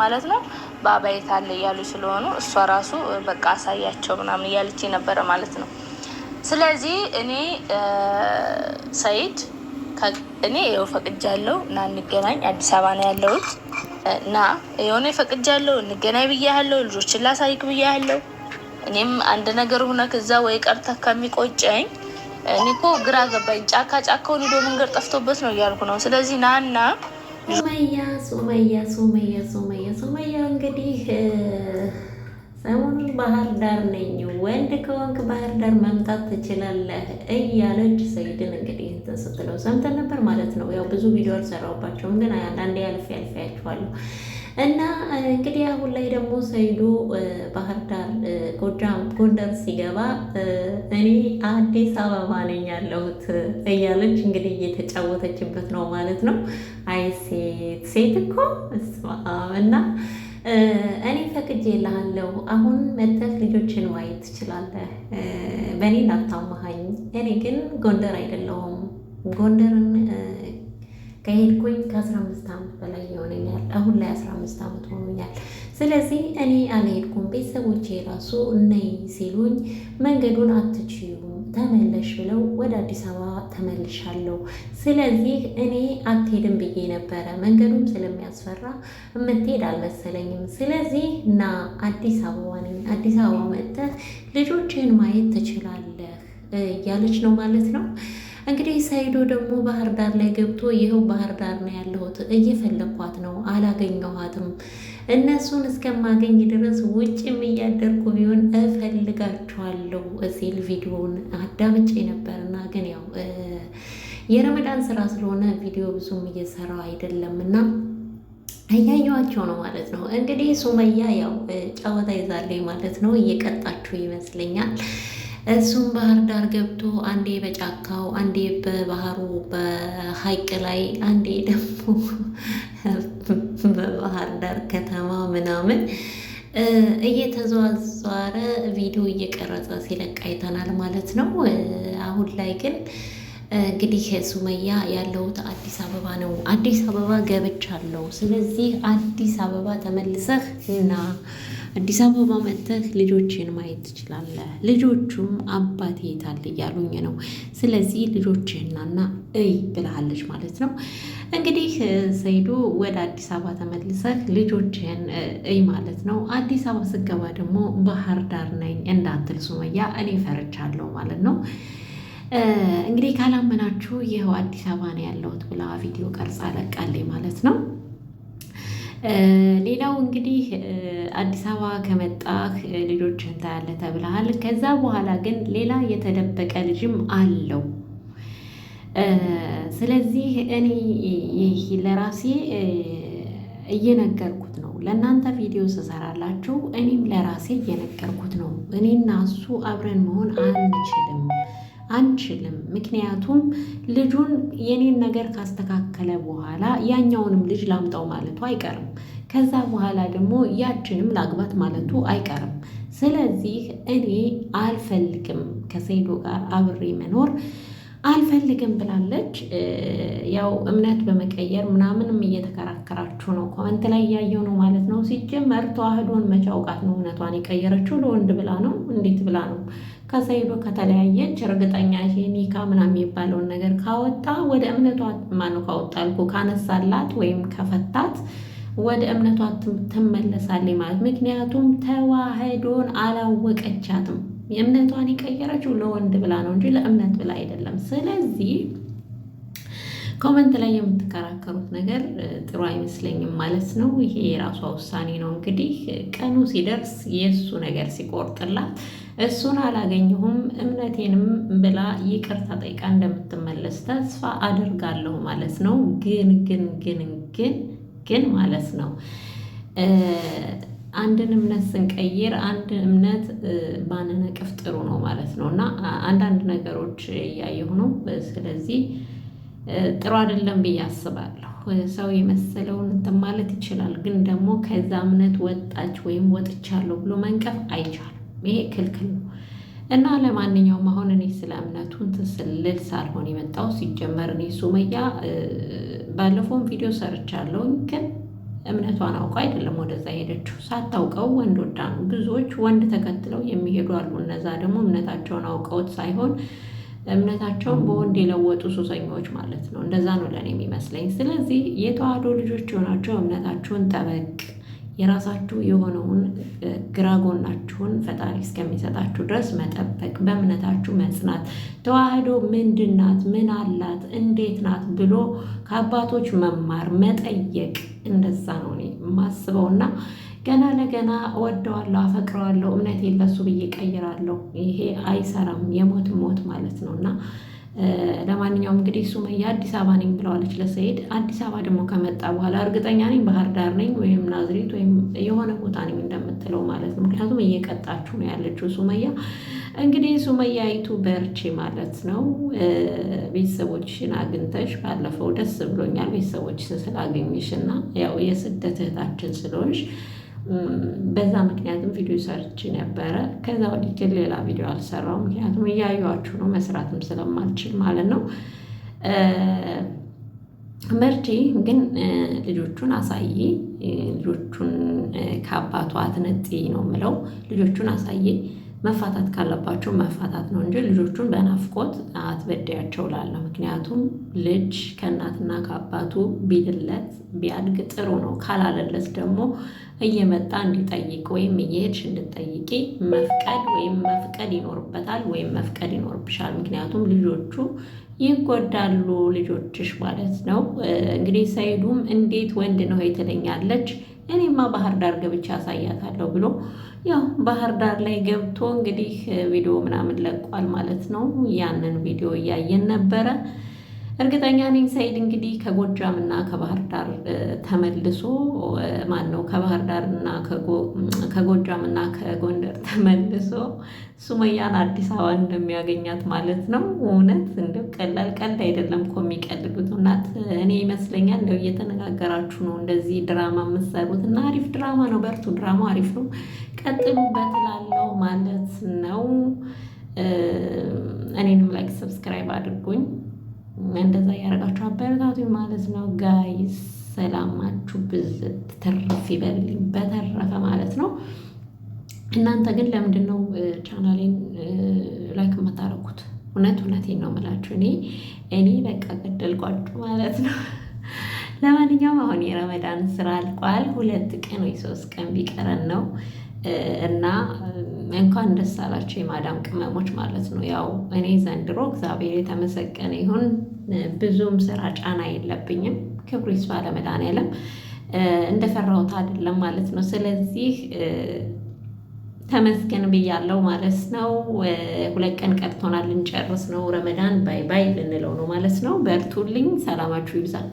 ማለት ነው በአባየት አለ እያሉ ስለሆኑ እሷ ራሱ በቃ አሳያቸው ምናምን እያለች ነበረ ማለት ነው። ስለዚህ እኔ ሰይድ እኔ ይኸው ፈቅጃለሁ እና እንገናኝ፣ አዲስ አበባ ነው ያለሁት እና የሆነ ፈቅጃለሁ እንገናኝ ብያለሁ፣ ልጆችን ላሳይክ ብያለሁ። እኔም አንድ ነገር ሁነ ከዛ ወይ ቀርታ ከሚቆጨኝ እኔ እኮ ግራ ገባኝ። ጫካ ጫካውን ሄዶ መንገድ ጠፍቶበት ነው እያልኩ ነው። ስለዚህ ናና ሱመያ ሱመያ ሱመያ እንግዲህ ሰሞኑን ባህር ዳር ነኝ፣ ወንድ ከወንክ ባህር ዳር መምጣት ትችላለህ እያለች ሰይድን እንግዲህ እንትን ስትለው ሰምተን ነበር ማለት ነው። ያው ብዙ ቪዲዮ አልሰራሁባቸውም፣ ግን አንዳንዴ ያልፍ ያልፍ ያችኋለሁ እና እንግዲህ አሁን ላይ ደግሞ ሰይዱ ባህር ዳር ጎጃም፣ ጎንደር ሲገባ እኔ አዲስ አበባ ነኝ ያለሁት እያለች እንግዲህ እየተጫወተችበት ነው ማለት ነው። አይ ሴት ሴት እኮ እና እኔ ላለው አሁን መተህ ልጆችን ማየት ትችላለህ። በእኔ እንዳታማሃኝ። እኔ ግን ጎንደር አይደለሁም። ጎንደርን ከሄድኩኝ ከአስራ አምስት ዓመት በላይ ይሆነኛል። አሁን ላይ አስራ አምስት ዓመት ሆኖኛል። ስለዚህ እኔ አልሄድኩም። ቤተሰቦቼ ራሱ እነይ ሲሉኝ መንገዱን አትችዩም ተመለሽ ብለው ወደ አዲስ አበባ ተመልሻለሁ። ስለዚህ እኔ አትሄድም ብዬ ነበረ፣ መንገዱም ስለሚያስፈራ የምትሄድ አልመሰለኝም። ስለዚህ ና አዲስ አበባ ነኝ፣ አዲስ አበባ መጥተህ ልጆችህን ማየት ትችላለህ እያለች ነው ማለት ነው። እንግዲህ ሰይዶ ደግሞ ባህር ዳር ላይ ገብቶ ይኸው ባህር ዳር ነው ያለሁት፣ እየፈለኳት ነው፣ አላገኘኋትም። እነሱን እስከማገኝ ድረስ ውጭ አደርጋችኋለሁ እዚል ቪዲዮውን አዳምጬ ነበርና ግን ያው የረመዳን ስራ ስለሆነ ቪዲዮ ብዙም እየሰራው አይደለም እና እያየኋቸው ነው ማለት ነው። እንግዲህ ሱመያ ያው ጨዋታ ይዛለኝ ማለት ነው። እየቀጣችሁ ይመስለኛል። እሱም ባህር ዳር ገብቶ አንዴ በጫካው አንዴ በባህሩ በሀይቅ ላይ አንዴ ደግሞ በባህር ዳር ከተማ ምናምን እየተዘዋዘረ ቪዲዮ እየቀረጸ ሲለቅ አይተናል ማለት ነው። አሁን ላይ ግን እንግዲህ ሱመያ ያለሁት አዲስ አበባ ነው። አዲስ አበባ ገብቻለሁ። ስለዚህ አዲስ አበባ ተመልሰህ እና አዲስ አበባ መጥተህ ልጆችን ማየት ትችላለህ። ልጆቹም አባቴ የታል እያሉኝ ነው። ስለዚህ ልጆችህናና እይ ብልሃለች ማለት ነው። እንግዲህ ሰይዱ ወደ አዲስ አበባ ተመልሰህ ልጆችህን እይ ማለት ነው። አዲስ አበባ ስገባ ደግሞ ባህር ዳር ነኝ እንዳትል ሱመያ፣ እኔ ፈርቻለሁ ማለት ነው። እንግዲህ ካላመናችሁ ይኸው አዲስ አበባ ነው ያለሁት ብላ ቪዲዮ ቀርጻ ለቃለች ማለት ነው። ሌላው እንግዲህ አዲስ አበባ ከመጣህ ልጆችህን ታያለህ ተብለሃል። ከዛ በኋላ ግን ሌላ የተደበቀ ልጅም አለው ስለዚህ እኔ ይህ ለራሴ እየነገርኩት ነው። ለእናንተ ቪዲዮ ስሰራላችሁ እኔም ለራሴ እየነገርኩት ነው። እኔና እሱ አብረን መሆን አንችልም አንችልም ምክንያቱም ልጁን የኔን ነገር ካስተካከለ በኋላ ያኛውንም ልጅ ላምጣው ማለቱ አይቀርም። ከዛ በኋላ ደግሞ ያችንም ላግባት ማለቱ አይቀርም። ስለዚህ እኔ አልፈልግም ከሰይዶ ጋር አብሬ መኖር አልፈልግም ብላለች። ያው እምነት በመቀየር ምናምንም እየተከራከራችሁ ነው፣ ኮመንት ላይ እያየው ነው ማለት ነው። ሲጀመር ተዋህዶን መቼ አውቃት ነው እውነቷን የቀየረችው? ለወንድ ብላ ነው እንዴት ብላ ነው? ከዛ ሄዶ ከተለያየች እርግጠኛ ኒካ ምናምን የሚባለውን ነገር ካወጣ ወደ እምነቷ ማነው ካወጣ አልኩ ካነሳላት ወይም ከፈታት ወደ እምነቷ ትመለሳለች ማለት ምክንያቱም ተዋህዶን አላወቀቻትም። የእምነቷን የቀየረችው ለወንድ ብላ ነው እንጂ ለእምነት ብላ አይደለም። ስለዚህ ኮመንት ላይ የምትከራከሩት ነገር ጥሩ አይመስለኝም ማለት ነው። ይሄ የራሷ ውሳኔ ነው። እንግዲህ ቀኑ ሲደርስ የእሱ ነገር ሲቆርጥላት እሱን አላገኘሁም እምነቴንም ብላ ይቅርታ ጠይቃ እንደምትመለስ ተስፋ አደርጋለሁ ማለት ነው። ግን ግን ግን ግን ግን ማለት ነው አንድን እምነት ስንቀይር አንድ እምነት ባንነቅፍ ጥሩ ነው ማለት ነው እና አንዳንድ ነገሮች እያየሁ ነው። ስለዚህ ጥሩ አይደለም ብዬ አስባለሁ። ሰው የመሰለውን እንትን ማለት ይችላል፣ ግን ደግሞ ከዛ እምነት ወጣች ወይም ወጥቻለሁ ብሎ መንቀፍ አይቻልም። ይሄ ክልክል ነው እና ለማንኛውም አሁን እኔ ስለ እምነቱ እንትን ስልል ሳልሆን የመጣው ሲጀመር እኔ ሱመያ ባለፈውን ቪዲዮ ሰርቻለሁኝ ግን እምነቷን አውቃ አይደለም ወደዛ ሄደችው፣ ሳታውቀው ወንድ ወዳ ነው። ብዙዎች ወንድ ተከትለው የሚሄዱ አሉ። እነዛ ደግሞ እምነታቸውን አውቀውት ሳይሆን እምነታቸውን በወንድ የለወጡ ሱሰኞች ማለት ነው። እንደዛ ነው ለእኔ የሚመስለኝ። ስለዚህ የተዋህዶ ልጆች የሆናቸው እምነታቸውን ጠበቅ የራሳችሁ የሆነውን ግራ ጎናችሁን ፈጣሪ እስከሚሰጣችሁ ድረስ መጠበቅ፣ በእምነታችሁ መጽናት። ተዋህዶ ምንድን ናት? ምን አላት? እንዴት ናት? ብሎ ከአባቶች መማር፣ መጠየቅ። እንደዛ ነው እኔ የማስበውና ገና ለገና እወደዋለሁ፣ አፈቅረዋለሁ፣ እምነቴን ለሱ ብዬ ቀይራለሁ፣ ይሄ አይሰራም። የሞት ሞት ማለት ነው እና ለማንኛውም እንግዲህ ሱመያ አዲስ አበባ ነኝ ብለዋለች ለሰይድ። አዲስ አበባ ደግሞ ከመጣ በኋላ እርግጠኛ ነኝ ባህር ዳር ነኝ ወይም ናዝሬት ወይም የሆነ ቦታ ነኝ እንደምትለው ማለት ነው። ምክንያቱም እየቀጣችሁ ነው ያለችው ሱመያ። እንግዲህ ይቱ በርቼ ማለት ነው። ቤተሰቦችሽን አግኝተሽ ባለፈው ደስ ብሎኛል ቤተሰቦችሽን ስላገኝሽ እና ያው የስደት እህታችን ስለሆንሽ በዛ ምክንያትም ቪዲዮ ሰርች ነበረ። ከዛ ወዲህ ሌላ ቪዲዮ አልሰራው፣ ምክንያቱም እያዩችሁ ነው፣ መስራትም ስለማልችል ማለት ነው። ምርጪ ግን ልጆቹን አሳዬ ልጆቹን ከአባቷ አትነጥይ ነው የምለው። ልጆቹን አሳዬ መፋታት ካለባቸው መፋታት ነው እንጂ ልጆቹን በናፍቆት አትበዳያቸው ላለሁ። ምክንያቱም ልጅ ከእናትና ከአባቱ ቢልለት ቢያድግ ጥሩ ነው። ካላለለት ደግሞ እየመጣ እንዲጠይቅ ወይም እየሄድሽ እንድጠይቂ መፍቀድ ወይም መፍቀድ ይኖርበታል ወይም መፍቀድ ይኖርብሻል። ምክንያቱም ልጆቹ ይጎዳሉ ልጆችሽ ማለት ነው። እንግዲህ ሰይዱም እንዴት ወንድ ነው የተለኛለች እኔማ ባህር ዳር ገብቼ አሳያታለሁ ብሎ ያው ባህር ዳር ላይ ገብቶ እንግዲህ ቪዲዮ ምናምን ለቋል ማለት ነው። ያንን ቪዲዮ እያየን ነበረ። እርግጠኛ ነኝ ሰኢድ እንግዲህ ከጎጃም እና ከባህር ዳር ተመልሶ ማን ነው ከባህር ዳር እና ከጎጃም እና ከጎንደር ተመልሶ ሱመያን አዲስ አበባ እንደሚያገኛት ማለት ነው። እውነት እንደው ቀላል ቀልድ አይደለም እኮ የሚቀልዱት ይመስለኛል። እንደው እየተነጋገራችሁ ነው እንደዚህ ድራማ የምትሰሩት እና አሪፍ ድራማ ነው። በርቱ፣ ድራማው አሪፍ ነው። ቀጥሉበት በትላለው ማለት ነው። እኔንም ላይክ ሰብስክራይብ አድርጉኝ፣ እንደዛ እያደረጋችሁ አበረታቱኝ ማለት ነው። ጋይስ ሰላማችሁ ብዝት ትርፍ ይበልልኝ፣ በተረፈ ማለት ነው። እናንተ ግን ለምንድን ነው ቻናሌን ላይክ የማታረጉት? እውነት እውነቴን ነው የምላችሁ። እኔ እኔ በቃ ገደልኳችሁ ማለት ነው። ለማንኛውም አሁን የረመዳን ስራ አልቋል። ሁለት ቀን ወይ ሶስት ቀን ቢቀረን ነው እና እንኳን ደስ አላቸው የማዳም ቅመሞች ማለት ነው። ያው እኔ ዘንድሮ እግዚአብሔር የተመሰገነ ይሁን ብዙም ስራ ጫና የለብኝም። ክብሩ ይስፋ ለመድኃኒዓለም እንደፈራሁት አይደለም ማለት ነው። ስለዚህ ተመስገን ብያለው ማለት ነው። ሁለት ቀን ቀርቶናል ልንጨርስ ነው ረመዳን። ባይ ባይ ልንለው ነው ማለት ነው። በርቱልኝ። ሰላማችሁ ይብዛል።